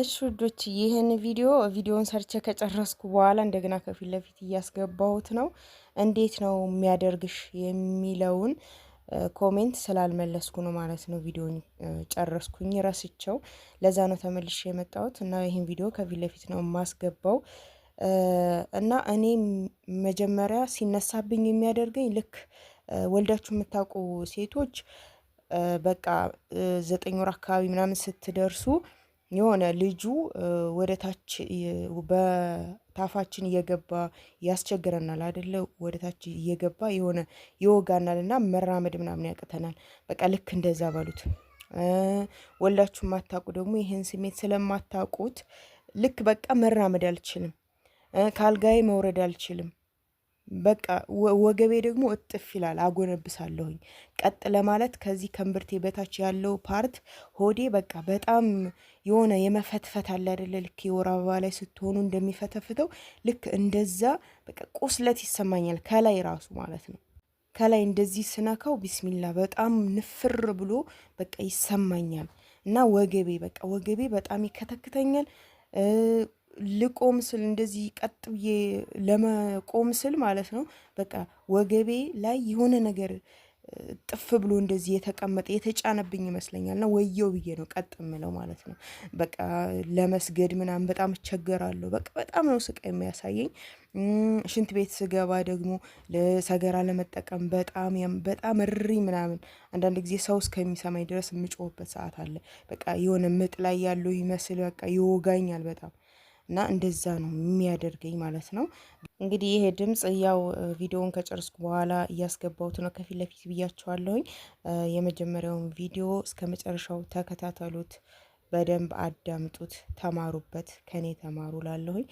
እሺ ውዶች ይህን ቪዲዮ ቪዲዮን ሰርቼ ከጨረስኩ በኋላ እንደገና ከፊት ለፊት እያስገባሁት ነው። እንዴት ነው የሚያደርግሽ የሚለውን ኮሜንት ስላልመለስኩ ነው ማለት ነው። ቪዲዮን ጨረስኩኝ ረስቸው፣ ለዛ ነው ተመልሼ የመጣሁት እና ይህን ቪዲዮ ከፊት ለፊት ነው የማስገባው እና እኔ መጀመሪያ ሲነሳብኝ የሚያደርገኝ ልክ ወልዳችሁ የምታውቁ ሴቶች በቃ ዘጠኝ ወር አካባቢ ምናምን ስትደርሱ የሆነ ልጁ ወደ ታች በታፋችን እየገባ ያስቸግረናል አደለ? ወደ ታች እየገባ የሆነ ይወጋናል እና መራመድ ምናምን ያቅተናል። በቃ ልክ እንደዛ በሉት። ወልዳችሁ የማታውቁ ደግሞ ይህን ስሜት ስለማታውቁት ልክ በቃ መራመድ አልችልም፣ ከአልጋዬ መውረድ አልችልም በቃ ወገቤ ደግሞ እጥፍ ይላል፣ አጎነብሳለሁኝ። ቀጥ ለማለት ከዚህ ከንብርቴ በታች ያለው ፓርት ሆዴ በቃ በጣም የሆነ የመፈትፈት አለ አይደለ? ልክ የወር አበባ ላይ ስትሆኑ እንደሚፈተፍተው ልክ እንደዛ በቃ ቁስለት ይሰማኛል፣ ከላይ ራሱ ማለት ነው። ከላይ እንደዚህ ስነካው ቢስሚላ በጣም ንፍር ብሎ በቃ ይሰማኛል። እና ወገቤ በቃ ወገቤ በጣም ይከተክተኛል። ልቆም ስል እንደዚህ ቀጥ ብዬ ለመቆም ስል ማለት ነው በቃ ወገቤ ላይ የሆነ ነገር ጥፍ ብሎ እንደዚህ የተቀመጠ የተጫነብኝ ይመስለኛል ና ወየው ብዬ ነው ቀጥ የምለው ማለት ነው። በቃ ለመስገድ ምናምን በጣም እቸገራለሁ። በቃ በጣም ነው ስቃይ የሚያሳየኝ። ሽንት ቤት ስገባ ደግሞ ሰገራ ለመጠቀም በጣም በጣም እሪ ምናምን አንዳንድ ጊዜ ሰው እስከሚሰማኝ ድረስ የምጮህበት ሰዓት አለ። በቃ የሆነ ምጥ ላይ ያለው ይመስል በቃ ይወጋኛል በጣም እና እንደዛ ነው የሚያደርገኝ ማለት ነው። እንግዲህ ይሄ ድምፅ ያው ቪዲዮውን ከጨርስኩ በኋላ እያስገባሁት ነው ከፊት ለፊት ብያቸዋለሁኝ። የመጀመሪያውን ቪዲዮ እስከ መጨረሻው ተከታተሉት፣ በደንብ አዳምጡት፣ ተማሩበት፣ ከኔ ተማሩ ላለሁኝ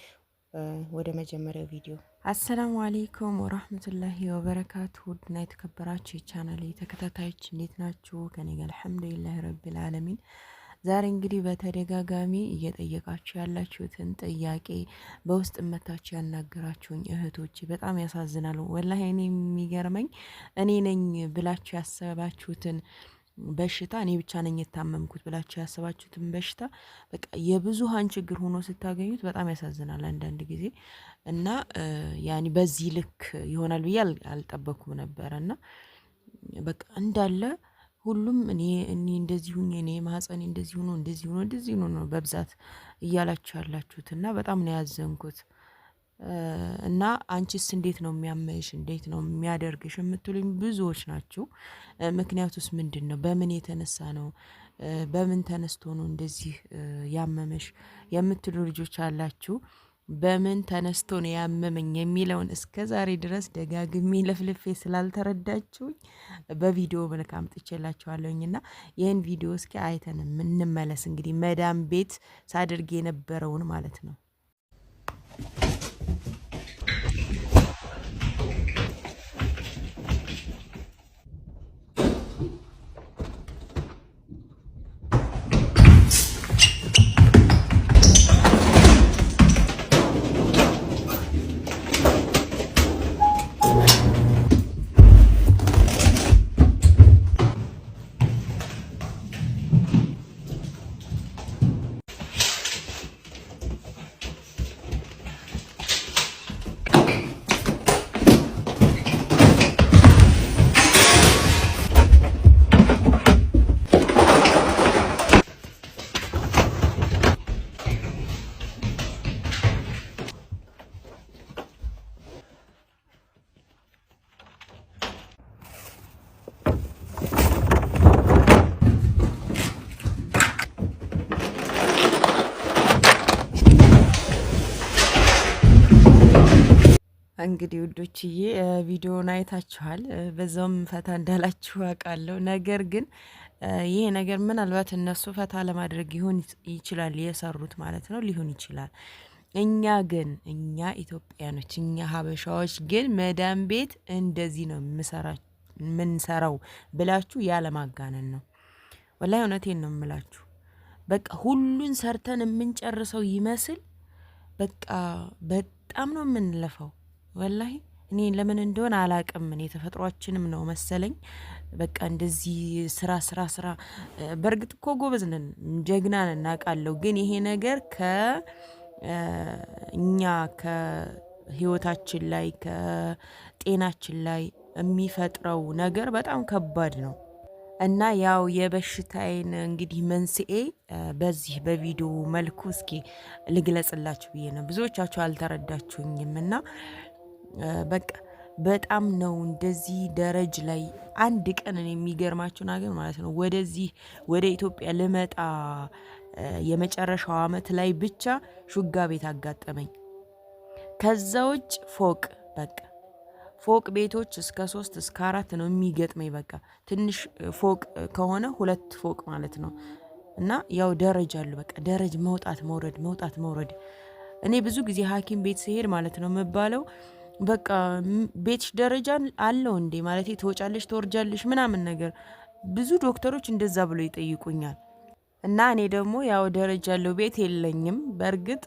ወደ መጀመሪያው ቪዲዮ። አሰላሙ አሌይኩም ወራህመቱላሂ ወበረካቱ። ውድና የተከበራችሁ የቻናል ተከታታዮች እንዴት ናችሁ? ከኔ ጋር አልሐምዱሊላህ ረቢል አለሚን ዛሬ እንግዲህ በተደጋጋሚ እየጠየቃችሁ ያላችሁትን ጥያቄ በውስጥ መታችሁ ያናገራችሁኝ እህቶች በጣም ያሳዝናል። ወላ እኔ የሚገርመኝ እኔ ነኝ ብላችሁ ያሰባችሁትን በሽታ እኔ ብቻ ነኝ የታመምኩት ብላችሁ ያሰባችሁትን በሽታ በቃ የብዙሀን ችግር ሆኖ ስታገኙት በጣም ያሳዝናል አንዳንድ ጊዜ እና ያኔ በዚህ ልክ ይሆናል ብዬ አልጠበኩም ነበረ እና በቃ እንዳለ ሁሉም እኔ እኔ እንደዚሁ እኔ ማህፀኔ እንደዚሁ ነው እንደዚሁ ነው እንደዚሁ ነው ነው በብዛት እያላችሁ ያላችሁት እና በጣም ነው ያዘንኩት። እና አንቺስ እንዴት ነው የሚያመሽ እንዴት ነው የሚያደርግሽ የምትሉኝ ብዙዎች ናችሁ። ምክንያቱስ ምንድን ነው? በምን የተነሳ ነው በምን ተነስቶ ነው እንደዚህ ያመመሽ የምትሉ ልጆች አላችሁ። በምን ተነስቶ ነው ያመመኝ የሚለውን እስከ ዛሬ ድረስ ደጋግሜ ለፍልፌ ስላልተረዳችሁኝ በቪዲዮ መልክ አምጥቼላችኋለሁኝ ና ይህን ቪዲዮ እስኪ አይተን እንመለስ። እንግዲህ መዳም ቤት ሳድርግ የነበረውን ማለት ነው። እንግዲህ ውዶችዬ ቪዲዮን አይታችኋል። በዛውም ፈታ እንዳላችሁ አውቃለሁ። ነገር ግን ይሄ ነገር ምናልባት እነሱ ፈታ ለማድረግ ይሆን ይችላል የሰሩት ማለት ነው፣ ሊሆን ይችላል። እኛ ግን እኛ ኢትዮጵያኖች እኛ ሀበሻዎች ግን መዳም ቤት እንደዚህ ነው የምንሰራው ብላችሁ ያለማጋነን ነው። ወላሂ እውነቴን ነው የምላችሁ። በቃ ሁሉን ሰርተን የምንጨርሰው ይመስል በቃ በጣም ነው የምንለፈው። ወላሂ እኔ ለምን እንደሆነ አላቅም። እኔ ተፈጥሯችንም ነው መሰለኝ። በቃ እንደዚህ ስራ ስራ ስራ። በእርግጥ እኮ ጎበዝ ነን፣ ጀግና ነን፣ እናውቃለሁ። ግን ይሄ ነገር ከእኛ ከህይወታችን ላይ ከጤናችን ላይ የሚፈጥረው ነገር በጣም ከባድ ነው። እና ያው የበሽታዬን እንግዲህ መንስኤ በዚህ በቪዲዮ መልኩ እስኪ ልግለጽላችሁ ብዬ ነው። ብዙዎቻችሁ አልተረዳችሁኝም እና በቃ በጣም ነው እንደዚህ ደረጅ ላይ አንድ ቀን የሚገርማችሁ ነገር ማለት ነው ወደዚህ ወደ ኢትዮጵያ ልመጣ የመጨረሻው አመት ላይ ብቻ ሹጋ ቤት አጋጠመኝ። ከዛ ውጭ ፎቅ በቃ ፎቅ ቤቶች እስከ ሶስት እስከ አራት ነው የሚገጥመኝ። በቃ ትንሽ ፎቅ ከሆነ ሁለት ፎቅ ማለት ነው እና ያው ደረጃ አሉ። በቃ ደረጅ መውጣት መውረድ፣ መውጣት መውረድ። እኔ ብዙ ጊዜ ሐኪም ቤት ስሄድ ማለት ነው የምባለው በቃ ቤትሽ ደረጃ አለው እንዴ ማለት ትወጫለሽ፣ ትወርጃለሽ ምናምን ነገር ብዙ ዶክተሮች እንደዛ ብሎ ይጠይቁኛል። እና እኔ ደግሞ ያው ደረጃ ያለው ቤት የለኝም። በእርግጥ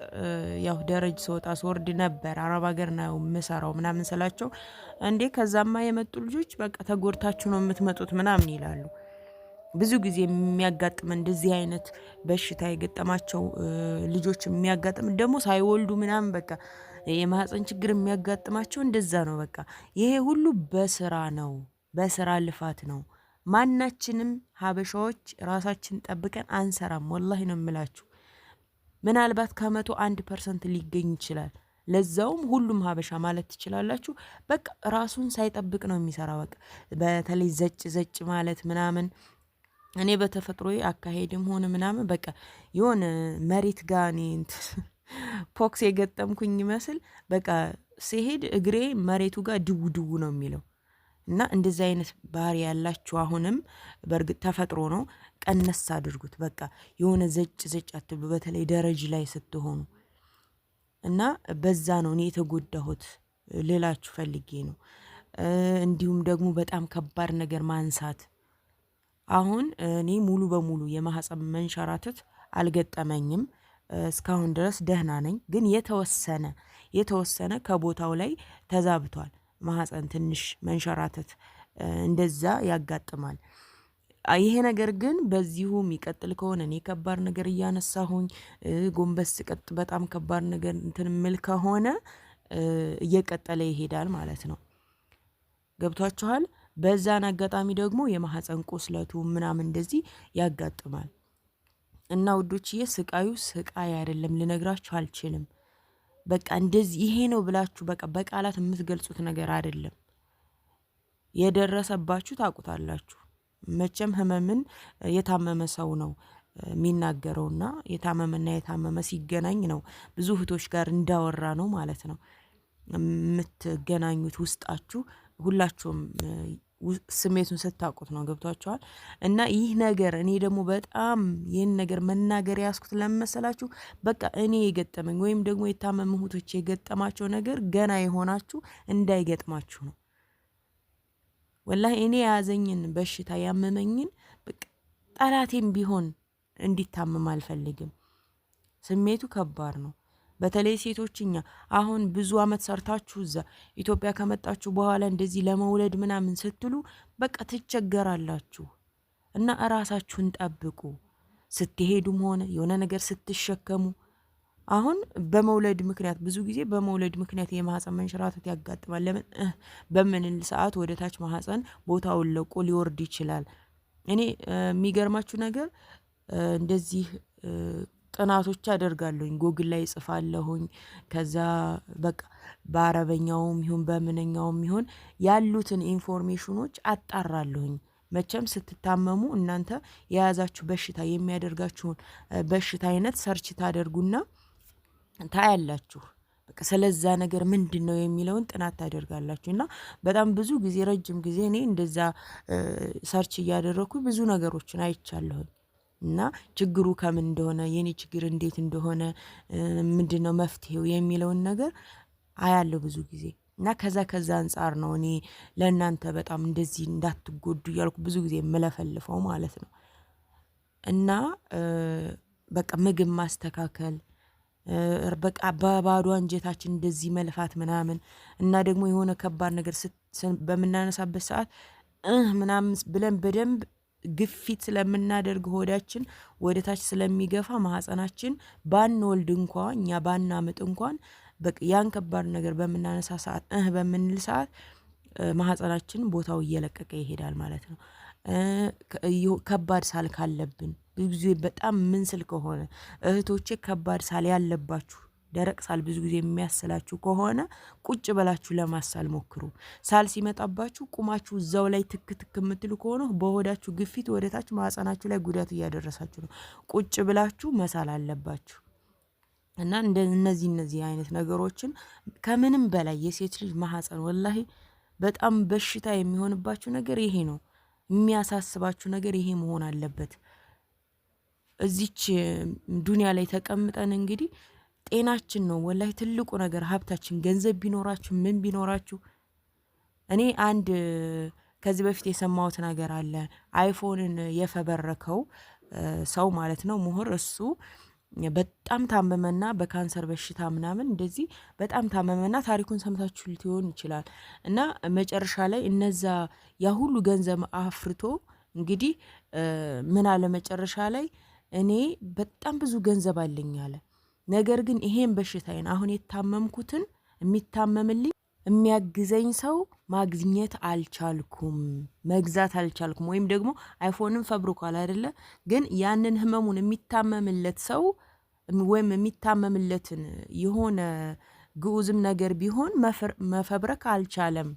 ያው ደረጅ ስወጣ ስወርድ ነበር አረብ ሀገር ነው የምሰራው ምናምን ስላቸው እንዴ ከዛማ የመጡ ልጆች በቃ ተጎድታችሁ ነው የምትመጡት ምናምን ይላሉ። ብዙ ጊዜ የሚያጋጥም እንደዚህ አይነት በሽታ የገጠማቸው ልጆች የሚያጋጥም ደግሞ ሳይወልዱ ምናምን በቃ የማህፀን ችግር የሚያጋጥማቸው እንደዛ ነው። በቃ ይሄ ሁሉ በስራ ነው፣ በስራ ልፋት ነው። ማናችንም ሀበሻዎች ራሳችን ጠብቀን አንሰራም። ወላሂ ነው የምላችሁ። ምናልባት ከመቶ አንድ ፐርሰንት ሊገኝ ይችላል። ለዛውም ሁሉም ሀበሻ ማለት ትችላላችሁ። በቃ ራሱን ሳይጠብቅ ነው የሚሰራ። በቃ በተለይ ዘጭ ዘጭ ማለት ምናምን እኔ በተፈጥሮ አካሄድም ሆነ ምናምን በቃ የሆነ መሬት ጋር እኔ እንትን ፖክስ የገጠምኩኝ ይመስል በቃ ሲሄድ እግሬ መሬቱ ጋር ድው ድው ነው የሚለው እና እንደዚህ አይነት ባህሪ ያላችሁ አሁንም በእርግጥ ተፈጥሮ ነው፣ ቀነስ አድርጉት። በቃ የሆነ ዘጭ ዘጭ አትብሉ፣ በተለይ ደረጅ ላይ ስትሆኑ እና በዛ ነው እኔ የተጎዳሁት ልላችሁ ፈልጌ ነው። እንዲሁም ደግሞ በጣም ከባድ ነገር ማንሳት። አሁን እኔ ሙሉ በሙሉ የማህፀን መንሸራተት አልገጠመኝም። እስካሁን ድረስ ደህና ነኝ። ግን የተወሰነ የተወሰነ ከቦታው ላይ ተዛብቷል። ማህፀን ትንሽ መንሸራተት እንደዛ ያጋጥማል። ይሄ ነገር ግን በዚሁ የሚቀጥል ከሆነ እኔ ከባድ ነገር እያነሳሁኝ ጎንበስ ቀጥ በጣም ከባድ ነገር እንትን ምል ከሆነ እየቀጠለ ይሄዳል ማለት ነው። ገብቷችኋል? በዛን አጋጣሚ ደግሞ የማህፀን ቁስለቱ ምናምን እንደዚህ ያጋጥማል። እና ውዶችዬ ስቃዩ ስቃይ አይደለም፣ ልነግራችሁ አልችልም። በቃ እንደዚህ ይሄ ነው ብላችሁ በቃ በቃላት የምትገልጹት ነገር አይደለም። የደረሰባችሁ ታውቁታላችሁ። መቼም ህመምን የታመመ ሰው ነው የሚናገረውና የታመመና የታመመ ሲገናኝ ነው ብዙ እህቶች ጋር እንዳወራ ነው ማለት ነው የምትገናኙት ውስጣችሁ ሁላችሁም ስሜቱን ስታውቁት ነው። ገብቷቸዋል። እና ይህ ነገር እኔ ደግሞ በጣም ይህን ነገር መናገር ያስኩት ለመሰላችሁ በቃ እኔ የገጠመኝ ወይም ደግሞ የታመሙ እህቶች የገጠማቸው ነገር ገና የሆናችሁ እንዳይገጥማችሁ ነው። ወላሂ እኔ የያዘኝን በሽታ ያመመኝን ጠላቴም ቢሆን እንዲታመም አልፈልግም። ስሜቱ ከባድ ነው። በተለይ ሴቶች እኛ አሁን ብዙ አመት ሰርታችሁ እዛ ኢትዮጵያ ከመጣችሁ በኋላ እንደዚህ ለመውለድ ምናምን ስትሉ በቃ ትቸገራላችሁ እና እራሳችሁን ጠብቁ። ስትሄዱም ሆነ የሆነ ነገር ስትሸከሙ አሁን በመውለድ ምክንያት ብዙ ጊዜ በመውለድ ምክንያት የማህፀን መንሸራተት ያጋጥማል። ለምን በምንል ሰዓት ወደ ታች ማህፀን ቦታውን ለቆ ሊወርድ ይችላል። እኔ የሚገርማችሁ ነገር እንደዚህ ጥናቶች አደርጋለሁኝ ጎግል ላይ ጽፋለሁኝ ከዛ በቃ በአረበኛውም ይሁን በምንኛውም ይሁን ያሉትን ኢንፎርሜሽኖች አጣራለሁኝ። መቼም ስትታመሙ እናንተ የያዛችሁ በሽታ የሚያደርጋችሁን በሽታ አይነት ሰርች ታደርጉና ታያላችሁ። ስለዛ ነገር ምንድን ነው የሚለውን ጥናት ታደርጋላችሁ። እና በጣም ብዙ ጊዜ ረጅም ጊዜ እኔ እንደዛ ሰርች እያደረኩ ብዙ ነገሮችን አይቻለሁኝ። እና ችግሩ ከምን እንደሆነ የኔ ችግር እንዴት እንደሆነ ምንድን ነው መፍትሄው የሚለውን ነገር አያለሁ ብዙ ጊዜ እና ከዛ ከዛ አንጻር ነው እኔ ለእናንተ በጣም እንደዚህ እንዳትጎዱ እያልኩ ብዙ ጊዜ የምለፈልፈው ማለት ነው። እና በቃ ምግብ ማስተካከል በቃ በባዶ አንጀታችን እንደዚህ መልፋት ምናምን እና ደግሞ የሆነ ከባድ ነገር በምናነሳበት ሰዓት እህ ምናምን ብለን በደንብ ግፊት ስለምናደርግ ሆዳችን ወደ ታች ስለሚገፋ ማህፀናችን ባንወልድ እንኳ እኛ ባናምጥ እንኳን ያን ከባድ ነገር በምናነሳ ሰዓት እህ በምንል ሰዓት ማህፀናችን ቦታው እየለቀቀ ይሄዳል ማለት ነው። ከባድ ሳል ካለብን ብዙ ጊዜ በጣም ምን ስል ከሆነ እህቶቼ ከባድ ሳል ያለባችሁ ደረቅ ሳል ብዙ ጊዜ የሚያስላችሁ ከሆነ ቁጭ ብላችሁ ለማሳል ሞክሩ። ሳል ሲመጣባችሁ ቁማችሁ እዛው ላይ ትክ ትክ የምትሉ ከሆነ በሆዳችሁ ግፊት ወደታች ማህፀናችሁ ላይ ጉዳት እያደረሳችሁ ነው። ቁጭ ብላችሁ መሳል አለባችሁ። እና እነዚህ እነዚህ አይነት ነገሮችን ከምንም በላይ የሴት ልጅ ማህፀን ወላሂ በጣም በሽታ የሚሆንባችሁ ነገር ይሄ ነው። የሚያሳስባችሁ ነገር ይሄ መሆን አለበት። እዚች ዱንያ ላይ ተቀምጠን እንግዲህ ጤናችን ነው ወላይ ትልቁ ነገር ሀብታችን። ገንዘብ ቢኖራችሁ ምን ቢኖራችሁ፣ እኔ አንድ ከዚህ በፊት የሰማሁት ነገር አለ። አይፎንን የፈበረከው ሰው ማለት ነው ምሁር እሱ በጣም ታመመና በካንሰር በሽታ ምናምን እንደዚህ በጣም ታመመና ታሪኩን ሰምታችሁ ሊሆን ይችላል። እና መጨረሻ ላይ እነዛ ያ ሁሉ ገንዘብ አፍርቶ እንግዲህ ምን አለ መጨረሻ ላይ እኔ በጣም ብዙ ገንዘብ አለኝ አለ። ነገር ግን ይሄን በሽታዬን አሁን የታመምኩትን የሚታመምልኝ የሚያግዘኝ ሰው ማግኘት አልቻልኩም፣ መግዛት አልቻልኩም። ወይም ደግሞ አይፎንም ፈብርኳል አይደለ? ግን ያንን ህመሙን የሚታመምለት ሰው ወይም የሚታመምለትን የሆነ ግዑዝም ነገር ቢሆን መፈብረክ አልቻለም።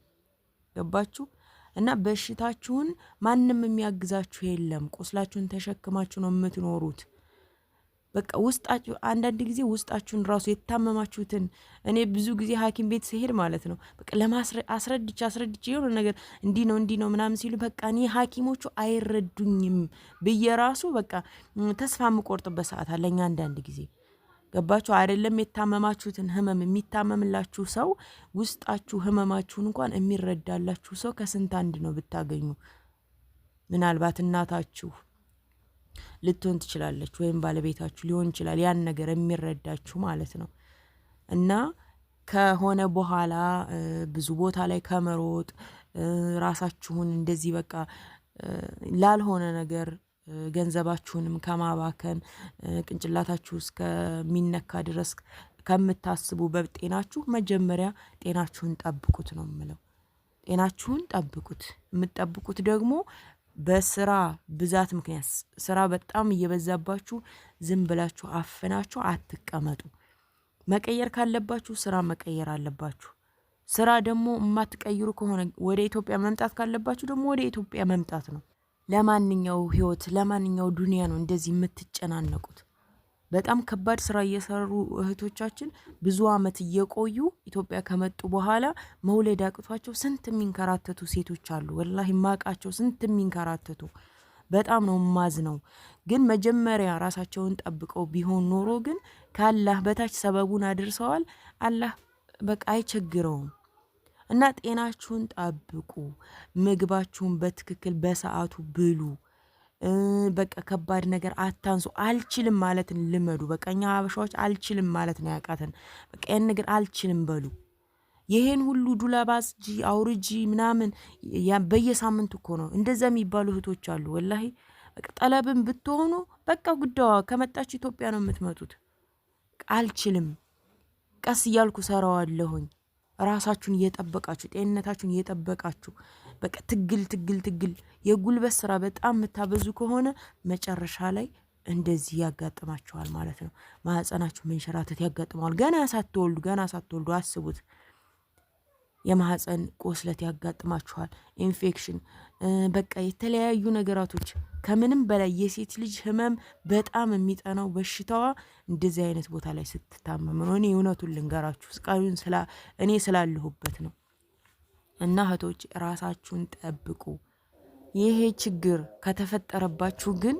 ገባችሁ? እና በሽታችሁን ማንም የሚያግዛችሁ የለም። ቁስላችሁን ተሸክማችሁ ነው የምትኖሩት። በቃ ውስጣችሁ አንዳንድ ጊዜ ውስጣችሁን ራሱ የታመማችሁትን እኔ ብዙ ጊዜ ሐኪም ቤት ስሄድ ማለት ነው በቃ ለማስረድቼ አስረድች የሆነ ነገር እንዲህ ነው እንዲህ ነው ምናምን ሲሉ በቃ እኔ ሐኪሞቹ አይረዱኝም ብዬ ራሱ በቃ ተስፋ የምቆርጥበት ሰዓት እኛ አንዳንድ ጊዜ ገባችሁ አይደለም? የታመማችሁትን ህመም የሚታመምላችሁ ሰው ውስጣችሁ ህመማችሁን እንኳን የሚረዳላችሁ ሰው ከስንት አንድ ነው ብታገኙ ምናልባት እናታችሁ ልትሆን ትችላለች፣ ወይም ባለቤታችሁ ሊሆን ይችላል። ያን ነገር የሚረዳችሁ ማለት ነው እና ከሆነ በኋላ ብዙ ቦታ ላይ ከመሮጥ ራሳችሁን እንደዚህ በቃ ላልሆነ ነገር ገንዘባችሁንም ከማባከን ቅንጭላታችሁ እስከሚነካ ድረስ ከምታስቡ በጤናችሁ መጀመሪያ ጤናችሁን ጠብቁት ነው የምለው። ጤናችሁን ጠብቁት። የምትጠብቁት ደግሞ በስራ ብዛት ምክንያት ስራ በጣም እየበዛባችሁ ዝም ብላችሁ አፍናችሁ አትቀመጡ። መቀየር ካለባችሁ ስራ መቀየር አለባችሁ። ስራ ደግሞ የማትቀይሩ ከሆነ ወደ ኢትዮጵያ መምጣት ካለባችሁ ደግሞ ወደ ኢትዮጵያ መምጣት ነው። ለማንኛው ህይወት ለማንኛው ዱንያ ነው እንደዚህ የምትጨናነቁት? በጣም ከባድ ስራ እየሰሩ እህቶቻችን ብዙ አመት እየቆዩ ኢትዮጵያ ከመጡ በኋላ መውለድ አቅቷቸው ስንት የሚንከራተቱ ሴቶች አሉ። ወላሂ ማቃቸው ስንት የሚንከራተቱ በጣም ነው ማዝ ነው። ግን መጀመሪያ ራሳቸውን ጠብቀው ቢሆን ኖሮ ግን ከአላህ በታች ሰበቡን አድርሰዋል። አላህ በቃ አይቸግረውም። እና ጤናችሁን ጠብቁ፣ ምግባችሁን በትክክል በሰዓቱ ብሉ። በቃ ከባድ ነገር አታንሱ። አልችልም ማለትን ልመዱ። በቃ እኛ ሀበሻዎች አልችልም ማለት ነው ያቃተን። በቃ ያን ነገር አልችልም በሉ። ይሄን ሁሉ ዱላባስ አጽጂ አውርጂ ምናምን በየሳምንቱ እኮ ነው እንደዛ የሚባሉ እህቶች አሉ። ወላሂ ጠለብን ብትሆኑ በቃ ጉዳዋ ከመጣች ኢትዮጵያ ነው የምትመጡት። አልችልም ቀስ እያልኩ ሰራዋለሁኝ። ራሳችሁን እየጠበቃችሁ ጤንነታችሁን እየጠበቃችሁ በቃ ትግል ትግል ትግል የጉልበት ስራ በጣም የምታበዙ ከሆነ መጨረሻ ላይ እንደዚህ ያጋጥማችኋል ማለት ነው። ማህፀናችሁ መንሸራተት ያጋጥመዋል። ገና ሳትወልዱ ገና ሳትወልዱ አስቡት። የማህፀን ቁስለት ያጋጥማችኋል፣ ኢንፌክሽን፣ በቃ የተለያዩ ነገራቶች። ከምንም በላይ የሴት ልጅ ህመም በጣም የሚጠናው በሽታዋ እንደዚህ አይነት ቦታ ላይ ስትታመም ነው። እኔ እውነቱን ልንገራችሁ፣ ስቃዩን እኔ ስላለሁበት ነው። እና እህቶች ራሳችሁን ጠብቁ። ይሄ ችግር ከተፈጠረባችሁ ግን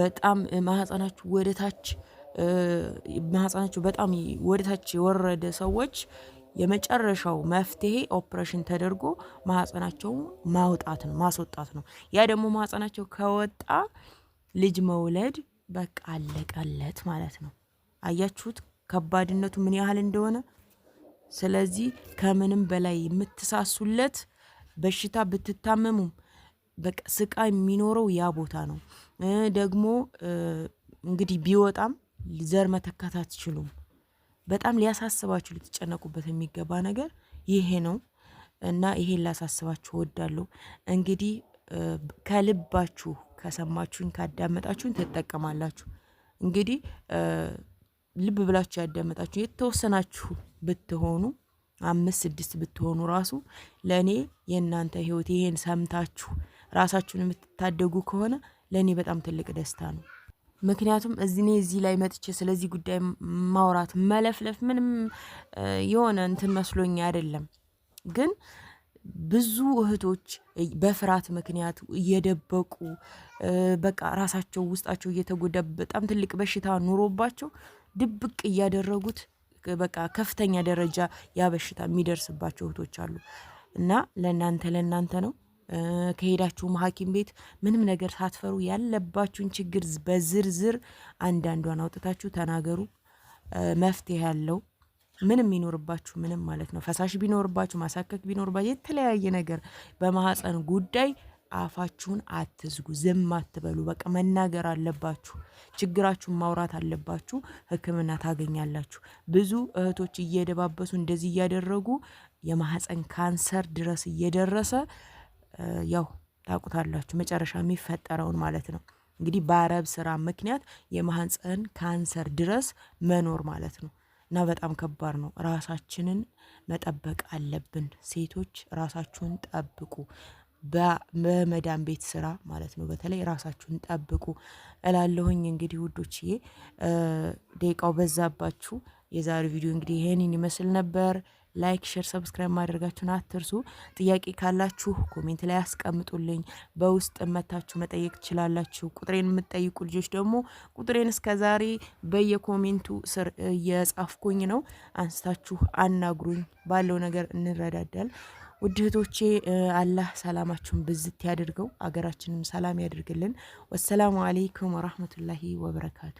በጣም ማህፀናችሁ ወደታች ማህፀናችሁ በጣም ወደታች የወረደ ሰዎች የመጨረሻው መፍትሄ ኦፕሬሽን ተደርጎ ማህፀናቸው ማውጣት ነው ማስወጣት ነው። ያ ደግሞ ማህፀናቸው ከወጣ ልጅ መውለድ በቃ አለቀለት ማለት ነው። አያችሁት ከባድነቱ ምን ያህል እንደሆነ። ስለዚህ ከምንም በላይ የምትሳሱለት በሽታ ብትታመሙም በቃ ስቃይ የሚኖረው ያ ቦታ ነው። ደግሞ እንግዲህ ቢወጣም ዘር መተካት አትችሉም። በጣም ሊያሳስባችሁ ልትጨነቁበት የሚገባ ነገር ይሄ ነው እና ይሄን ላሳስባችሁ እወዳለሁ። እንግዲህ ከልባችሁ ከሰማችሁኝ ካዳመጣችሁኝ ትጠቀማላችሁ እንግዲህ ልብ ብላችሁ ያዳመጣችሁ የተወሰናችሁ ብትሆኑ አምስት ስድስት ብትሆኑ ራሱ ለእኔ የእናንተ ህይወት ይሄን ሰምታችሁ ራሳችሁን የምትታደጉ ከሆነ ለእኔ በጣም ትልቅ ደስታ ነው። ምክንያቱም እዚህ እኔ እዚህ ላይ መጥቼ ስለዚህ ጉዳይ ማውራት መለፍለፍ ምንም የሆነ እንትን መስሎኝ አይደለም። ግን ብዙ እህቶች በፍርሃት ምክንያት እየደበቁ በቃ ራሳቸው ውስጣቸው እየተጎዳ በጣም ትልቅ በሽታ ኑሮባቸው ድብቅ እያደረጉት በቃ ከፍተኛ ደረጃ ያ በሽታ የሚደርስባቸው እህቶች አሉ እና ለእናንተ ለእናንተ ነው። ከሄዳችሁም ሐኪም ቤት ምንም ነገር ሳትፈሩ ያለባችሁን ችግር በዝርዝር አንዳንዷን አውጥታችሁ ተናገሩ። መፍትሄ ያለው ምንም ይኖርባችሁ ምንም ማለት ነው። ፈሳሽ ቢኖርባችሁ ማሳከክ ቢኖርባችሁ የተለያየ ነገር በማህፀን ጉዳይ አፋችሁን አትዝጉ፣ ዝም አትበሉ። በቃ መናገር አለባችሁ፣ ችግራችሁን ማውራት አለባችሁ። ሕክምና ታገኛላችሁ። ብዙ እህቶች እየደባበሱ እንደዚህ እያደረጉ የማህፀን ካንሰር ድረስ እየደረሰ ያው ታውቁታላችሁ፣ መጨረሻ የሚፈጠረውን ማለት ነው። እንግዲህ በአረብ ስራ ምክንያት የማህፀን ካንሰር ድረስ መኖር ማለት ነው። እና በጣም ከባድ ነው። ራሳችንን መጠበቅ አለብን። ሴቶች ራሳችሁን ጠብቁ። በመዳን ቤት ስራ ማለት ነው። በተለይ ራሳችሁን ጠብቁ እላለሁኝ። እንግዲህ ውዶችዬ ደቂቃው በዛባችሁ። የዛሬ ቪዲዮ እንግዲህ ይሄንን ይመስል ነበር። ላይክ፣ ሼር፣ ሰብስክራይብ ማድረጋችሁን አትርሱ። ጥያቄ ካላችሁ ኮሜንት ላይ አስቀምጡልኝ። በውስጥ መታችሁ መጠየቅ ትችላላችሁ። ቁጥሬን የምትጠይቁ ልጆች ደግሞ ቁጥሬን እስከ ዛሬ በየኮሜንቱ ስር እየጻፍኩኝ ነው። አንስታችሁ አናግሩኝ። ባለው ነገር እንረዳዳል። ውድ እህቶቼ አላህ ሰላማችሁን ብዝት ያድርገው፣ አገራችንም ሰላም ያድርግልን። ወሰላሙ አሌይኩም ወራህመቱላሂ ወበረካቱ።